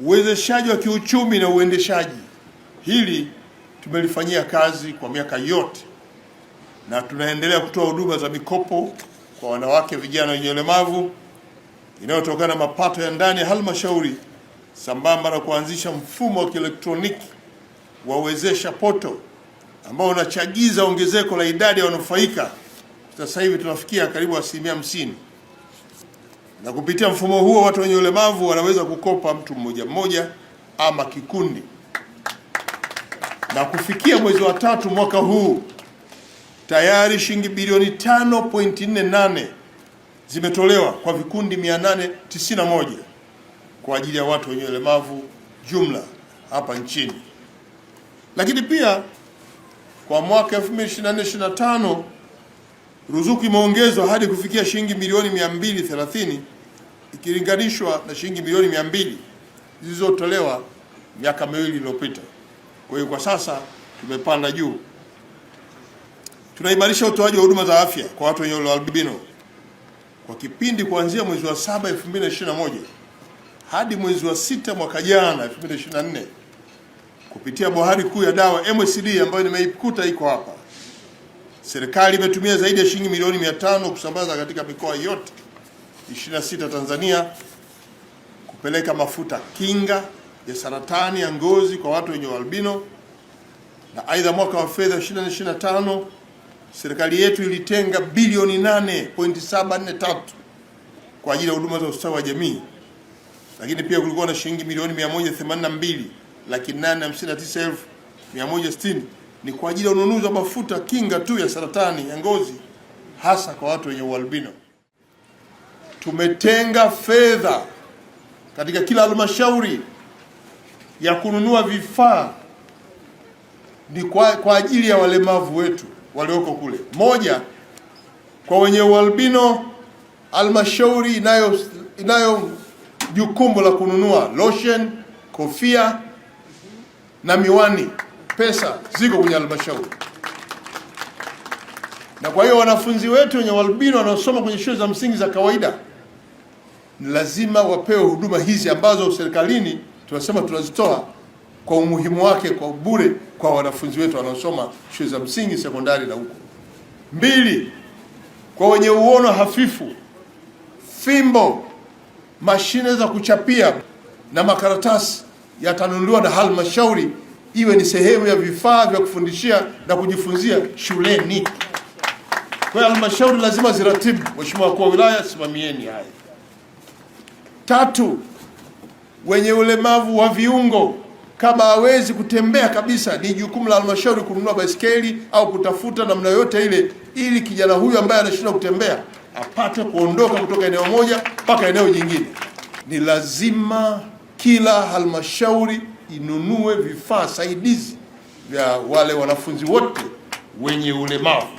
uwezeshaji wa kiuchumi na uendeshaji. Hili tumelifanyia kazi kwa miaka yote na tunaendelea kutoa huduma za mikopo kwa wanawake, vijana wenye ulemavu inayotokana na mapato ya ndani ya halmashauri sambamba na kuanzisha mfumo wa kielektroniki wawezesha poto ambao unachagiza ongezeko la idadi ya wanufaika. Sasa hivi tunafikia karibu asilimia hamsini na kupitia mfumo huo watu wenye ulemavu wanaweza kukopa mtu mmoja mmoja ama kikundi. Na kufikia mwezi wa tatu mwaka huu tayari shilingi bilioni 5.48 zimetolewa kwa vikundi 891 kwa ajili ya watu wenye ulemavu jumla hapa nchini. Lakini pia kwa mwaka 2024/2025 Ruzuku imeongezwa hadi kufikia shilingi milioni 230 ikilinganishwa na shilingi milioni 200 zilizotolewa miaka miwili iliyopita. Kwa hiyo kwa sasa tumepanda juu. Tunaimarisha utoaji wa huduma za afya kwa watu wenye ualbino kwa kipindi kuanzia mwezi wa 7 2021 hadi mwezi wa 6 mwaka jana 2024 kupitia bohari kuu ya dawa MSD ambayo nimeikuta iko hapa. Serikali imetumia zaidi ya shilingi milioni 500 kusambaza katika mikoa yote 26 Tanzania kupeleka mafuta kinga ya saratani ya ngozi kwa watu wenye albino. Na aidha, mwaka wa fedha 2025 serikali yetu ilitenga bilioni 8.743 kwa ajili ya huduma za ustawi wa jamii, lakini pia kulikuwa na shilingi milioni 182 laki 859 elfu 160 ni kwa ajili ya ununuzi wa mafuta kinga tu ya saratani ya ngozi hasa kwa watu wenye ualbino. Tumetenga fedha katika kila halmashauri ya kununua vifaa ni kwa, kwa ajili ya walemavu wetu walioko kule. Moja, kwa wenye ualbino halmashauri inayo inayo jukumu la kununua lotion, kofia na miwani pesa ziko kwenye halmashauri, na kwa hiyo wanafunzi wetu wenye ualbino wanaosoma kwenye shule za msingi za kawaida ni lazima wapewe huduma hizi ambazo serikalini tunasema tunazitoa kwa umuhimu wake kwa bure kwa wanafunzi wetu wanaosoma shule za msingi, sekondari na huko. Mbili, kwa wenye uono hafifu, fimbo, mashine za kuchapia na makaratasi yatanunuliwa na halmashauri iwe ni sehemu ya vifaa vya kufundishia na kujifunzia shuleni. Kwa hiyo halmashauri lazima ziratibu. Mheshimiwa wakuu wa Wilaya, simamieni haya. Tatu, wenye ulemavu wa viungo kama hawezi kutembea kabisa, ni jukumu la halmashauri kununua baisikeli au kutafuta namna yoyote ile, ili kijana huyu ambaye anashindwa kutembea apate kuondoka kutoka eneo moja mpaka eneo jingine. Ni lazima kila halmashauri inunue vifaa saidizi vya wale wanafunzi wote wenye ulemavu.